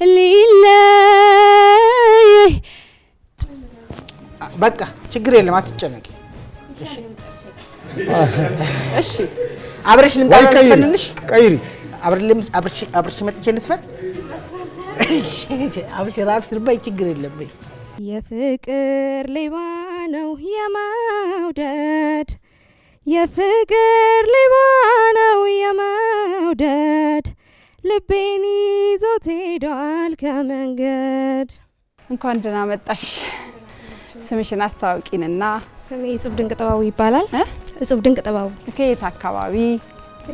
ሊለይ በቃ ችግር የለም አትጨነቂ። እሺ አብረሽ ልንጣልሽ ቀይሪ መጥቼ ልስፈን አብሽር ባይ ችግር የለም። የፍቅር ሌባ ነው የመውደድ የፍቅር ሌባ ነው የመውደድ ልቤን ይዞት ሄዷል ከመንገድ። እንኳን ደህና መጣሽ። ስምሽን አስተዋውቂንና። ስሜ እጹብ ድንቅ ጥበቡ ይባላል። እጹብ ድንቅ ጥበቡ። ከየት አካባቢ?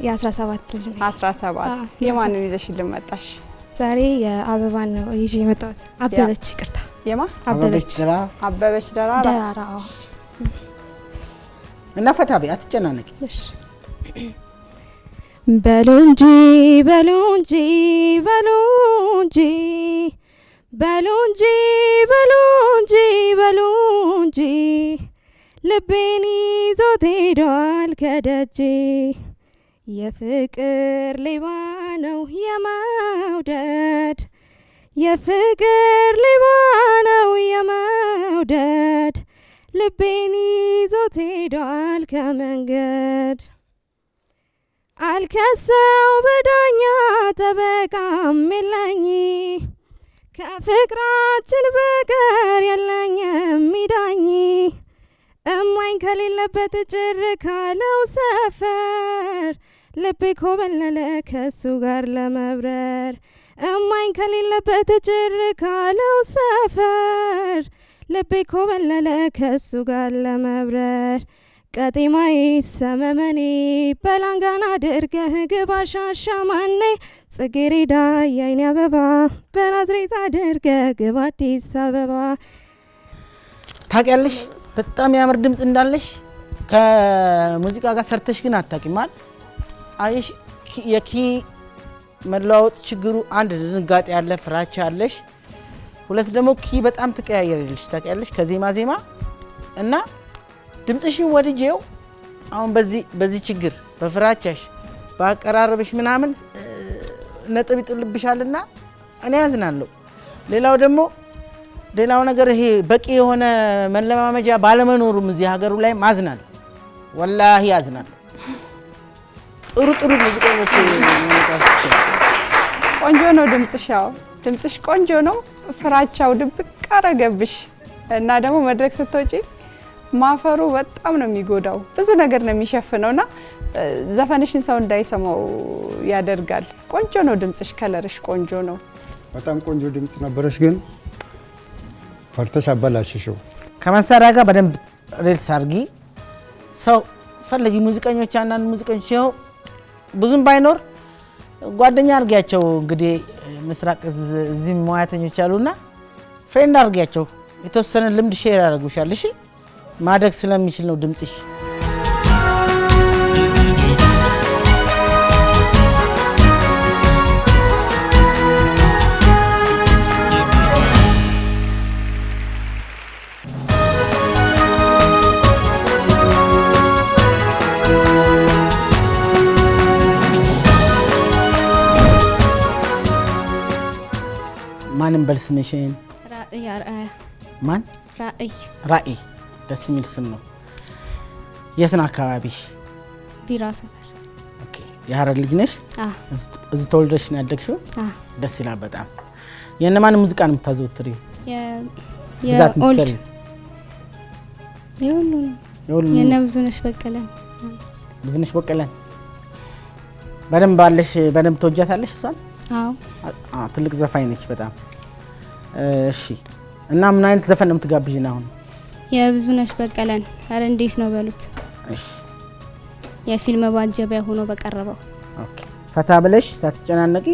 የ17 ልጅ 17 የማንን ይዘሽ ልመጣሽ? ዛሬ የአበባን ነው ይዤ የመጣሁት። አበበች ይቅርታ፣ የማ አበበች አበበች ደራራ ደራራ እና ፈታ ቤ አትጨናነቂ በሉ እንጂ በሉ እንጂ በሉ እንጂ በሉ እንጂ በሉ እንጂ በሉ እንጂ ልቤን ይዞት ሄዷል ከደጄ የፍቅር ሌባ ነው የመውደድ የፍቅር ሌባ ነው የመውደድ ልቤን ይዞት ሄዷል ከመንገድ አልከሰው በዳኛ ጠበቃም የለኝ ከፍቅራችን በቀር የለኝ የሚዳኝ እማኝ ከሌለበት ጭር ካለው ሰፈር ልቤ ኮበለለ ከሱ ጋር ለመብረር እማኝ ከሌለበት ጭር ካለው ሰፈር ልቤ ኮበለለ ከሱ ጋር ለመብረር ቀጤማዬ ሰመመኔ በላንጋና አድርገህ ግባ ሻሻ ማኔ ጽጌሬዳ የአይኔ አበባ በናዝሬት አድርገህ ግባ አዲስ አበባ። ታውቂያለሽ በጣም ያምር ድምፅ እንዳለሽ ከሙዚቃ ጋር ሰርተሽ ግን አታውቂማል። አይሽ የኪ መለዋወጥ ችግሩ አንድ ድንጋጤ ያለ ፍራቻ አለሽ፣ ሁለት ደግሞ ኪ በጣም ትቀያየርልሽ ታውቂያለሽ ከዜማ ዜማ እና ድምፅሽን ወድጄው አሁን በዚህ በዚህ ችግር በፍራቻሽ በአቀራረብሽ ምናምን ነጥብ ይጥልብሻልና እኔ ያዝናለሁ። ሌላው ደግሞ ሌላው ነገር ይሄ በቂ የሆነ መለማመጃ ባለመኖሩም እዚህ ሀገሩ ላይ ማዝናል፣ ወላሂ ያዝናል። ጥሩ ጥሩ ሙዚቀኞች ቆንጆ ነው ድምፅሽ፣ ያው ድምፅሽ ቆንጆ ነው። ፍራቻው ድብቅ አረገብሽ እና ደግሞ መድረክ ስትወጪ ማፈሩ በጣም ነው የሚጎዳው። ብዙ ነገር ነው የሚሸፍነው የሚሸፍነውና ዘፈንሽን ሰው እንዳይሰማው ያደርጋል። ቆንጆ ነው ድምፅሽ፣ ከለርሽ ቆንጆ ነው። በጣም ቆንጆ ድምፅ ነበረሽ፣ ግን ፈርተሽ አበላሽሽው። ከመሳሪያ ጋር በደንብ ሬልስ አድርጊ። ሰው ፈለጊ ሙዚቀኞች፣ አንዳንድ ሙዚቀኞች ይኸው ብዙም ባይኖር ጓደኛ አርጊያቸው። እንግዲህ ምስራቅ እዚህ ሙያተኞች አሉና ፍሬንድ አርጊያቸው። የተወሰነ ልምድ ሼር ያደርጉሻል። እሺ ማደግ ስለሚችል ነው ድምፅሽ። ማንም በልስምሽን ማን ራእይ ራእይ ደስ የሚል ስም ነው። የት ነው አካባቢ ቢራ ሰፈር። የሀረር ልጅ ነሽ? እዚህ ተወልደሽ ነው ያደግሽው? ደስ ይላል በጣም። የእነማን ሙዚቃ ነው የምታዘወትሪው? ብዛት ምትሰሪ? ብዙነሽ በቀለን። ብዙነሽ በቀለን በደንብ አለሽ። በደንብ ተወጃታለሽ እሷን? ትልቅ ዘፋኝ ነች በጣም። እሺ እና ምን አይነት ዘፈን ነው የምትጋብዥን አሁን? የብዙነሽ በቀለን አረ እንዴት ነው በሉት የፊልም ማጀቢያ ሆኖ በቀረበው ፈታ ብለሽ ሳትጨናነቂ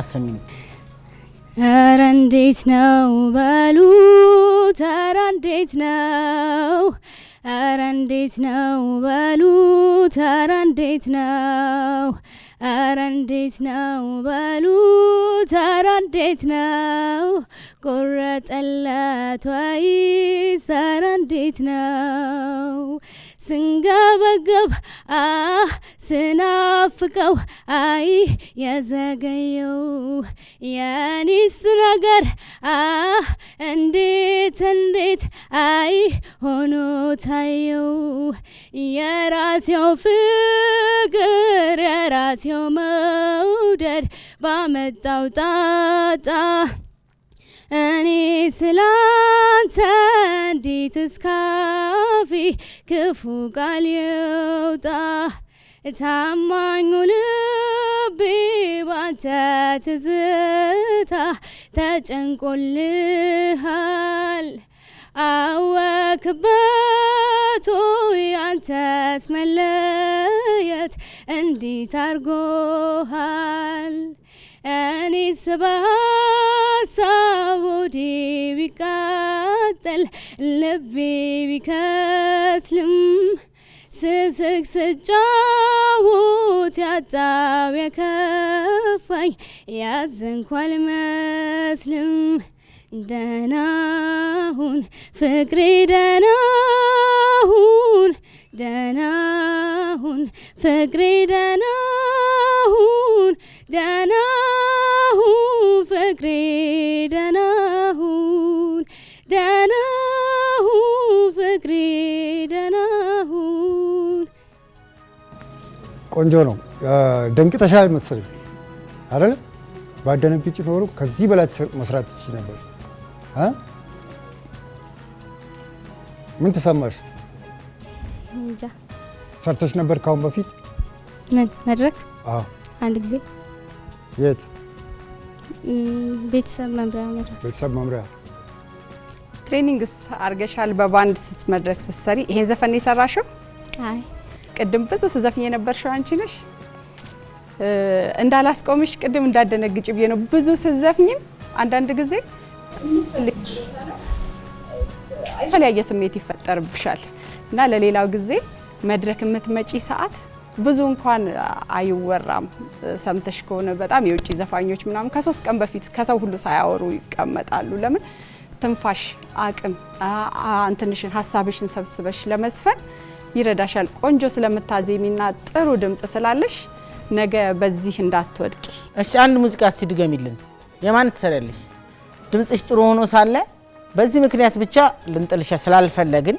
አሰሚኝ። አረ እንዴት ነው በሉት አረ እንዴት ነው አረ እንዴት ነው በሉት፣ ኧረ እንዴት ነው፣ አረ እንዴት ነው አረ እንዴት ነው በሉት ኧረ እንዴት ነው ቆረጠለት ወይስ ኧረ እንዴት ነው ስንገበገብ አ ስናፍቀው አይ የዘገየው የኒስ ነገር ሆኖ ታየው የራሴው ፍቅር የራሴው መውደድ ባመጣው ጣጣ እኔ ስላንተ እንዴት እስካፊ ክፉ ቃል የውጣ ታማኙ ልቤ ባንተ ትዝታ ተጨንቆልሃል። አወክበቱ ያንተስ መለየት እንዲት አርጎሃል እኔ ስበሀሳብ ሆዴ ቢቃጠል ልቤ ቢከስልም ስስቅ ስጫውት ያጣው የከፋኝ ያዘንኳ አልመስልም ደናሁን ፍቅሬ ደናሁን ደናሁን ፍቅሬ ደናሁን ደናሁን ፍቅሬ ደናሁን ደናሁን ፍቅሬ ደናሁን። ቆንጆ ነው። ደንቅተሻል መሰለኝ አይደለም? ባደነግጭ ኖሮ ከዚህ በላይ መስራት ይችል ነበር። ምን ተሰማሽ? እንጃ። ሰርተሽ ነበር ካሁን በፊት ምን መድረክ? አዎ አንድ ጊዜ። የት? ቤተሰብ መምሪያ መድረክ። ቤተሰብ መምሪያ ትሬኒንግስ አርገሻል? በባንድ ስት መድረክ ስትሰሪ ይሄን ዘፈን የሰራሽው? አይ ቅድም ብዙ ስዘፍኝ የነበርሽው አንቺ ነሽ። እንዳላስቆምሽ ቅድም እንዳደነግጭ ብዬ ነው ብዙ ስዘፍኝም አንዳንድ ጊዜ የተለያየ ስሜት ይፈጠርብሻል እና ለሌላው ጊዜ መድረክ የምትመጪ ሰዓት ብዙ እንኳን አይወራም። ሰምተሽ ከሆነ በጣም የውጭ ዘፋኞች ምናምን ከሶስት ቀን በፊት ከሰው ሁሉ ሳያወሩ ይቀመጣሉ። ለምን ትንፋሽ አቅም አንትንሽን ሀሳብሽን ሰብስበሽ ለመስፈን ይረዳሻል። ቆንጆ ስለምታዜሚና ጥሩ ድምፅ ስላለሽ ነገ በዚህ እንዳትወድቂ። እሺ፣ አንድ ሙዚቃ እስቲ ድገሚልን። የማን ትሰሪያለሽ? ድምፅሽ ጥሩ ሆኖ ሳለ በዚህ ምክንያት ብቻ ልንጥልሻ ስላልፈለግን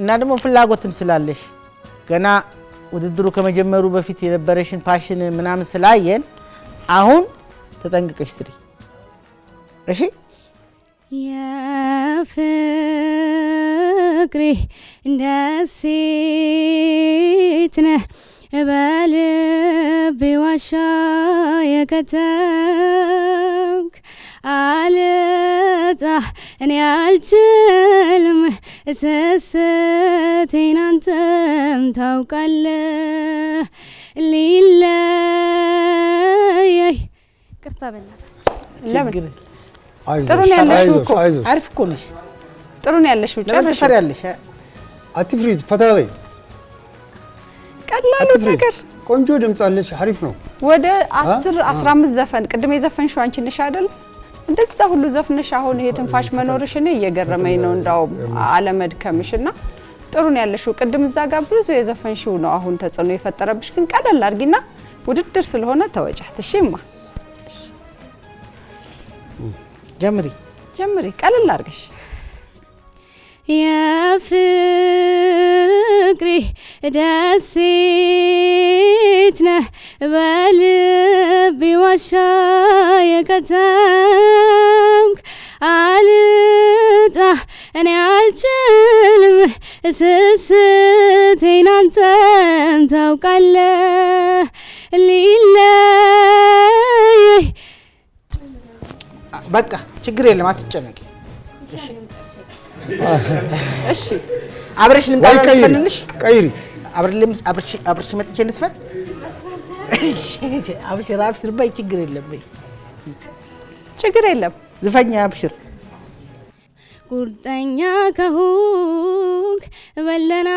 እና ደግሞ ፍላጎትም ስላለሽ ገና ውድድሩ ከመጀመሩ በፊት የነበረሽን ፓሽን ምናምን ስላየን አሁን ተጠንቅቀሽ ስሪ። እሺ የፍቅሬ ደሴት ነህ بقلبي وشاي كتاك አልጣህ እኔ አልችልም እሰሰቴን አንተም ታውቃለህ ሊለየይ ቅርታ በናታችሁ ጥሩ ነው ያለሽው እኮ አሪፍ እኮ ነሽ ጥሩ ነው ያለሽው ጨርሽ አትፍሪ ፈታ በይ ቀላሉ ነገር ቆንጆ ድምጽ አለሽ። አሪፍ ነው። ወደ 10 15 ዘፈን ቅድም የዘፈንሽው አንቺ ነሽ አይደል? እንደዛ ሁሉ ዘፍንሽ አሁን ይሄ ትንፋሽ መኖርሽ እኔ እየገረመኝ ነው እንዳውም አለመድከምሽ እና ጥሩ ነው ያለሽው። ቅድም እዛ ጋር ብዙ የዘፈንሽው ነው አሁን ተጽዕኖ የፈጠረብሽ። ግን ቀለል አድርጊና ውድድር ስለሆነ ተወጫት። እሺማ ጀምሪ ጀምሪ፣ ቀለል አድርገሽ የፍቅሪ ደሴት ነህ በልቤ ዋሻ የከተምክ አልጣ እኔ አልችልም እስስቴን አንተም ታውቃለህ ሊለይ በቃ ችግር የለም አትጨነቂ እሺ አብረሽ ልንጣልፈልንሽ ቀይሪ አብረሽ መጥቼ ልስፈን አብሽር አብሽር ባይ ችግር የለም ችግር የለም ዝፈኛ አብሽር ቁርጠኛ ከሁክ በለና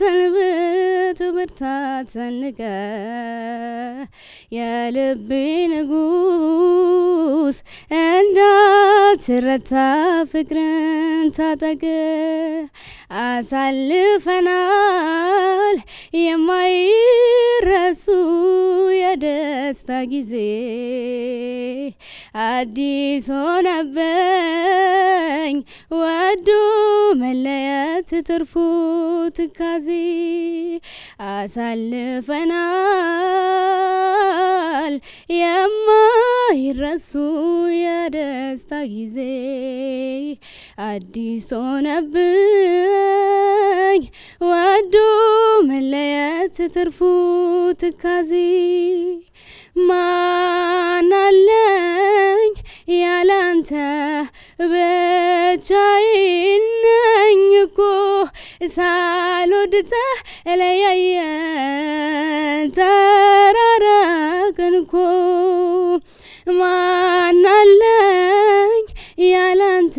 ሰንብት ብርታት ሰንቀ የልቤ ንጉስ ትረታ ፍቅርን ታጠቅ አሳልፈናል የማይረሱ የደስታ ጊዜ አዲስ ሆነበኝ ወዶ መለየት ትርፉ ትካዜ አሳልፈናል የማይረሱ የደስታ ጊዜ አዲስ ሆነብኝ ወዱ መለየት ትርፉ ትካዜ ማናለኝ ያላንተ ብቻዬን ነኝ እኮ ሳልወድህ ተለያየን ተራራቅን እኮ ማናለኝ ያላንተ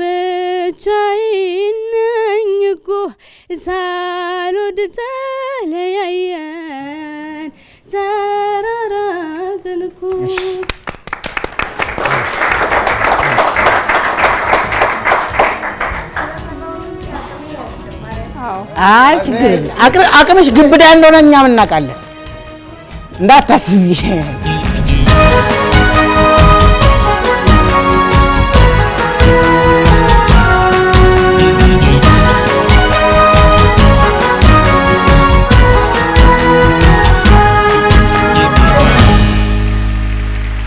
ብቻዬን ነኝ እኮ ሳልወድህ ተለያየን አይ ችግር የለም። አቅምሽ ግብዳ እንደሆነ እኛም እናውቃለን፣ እንዳታስቢ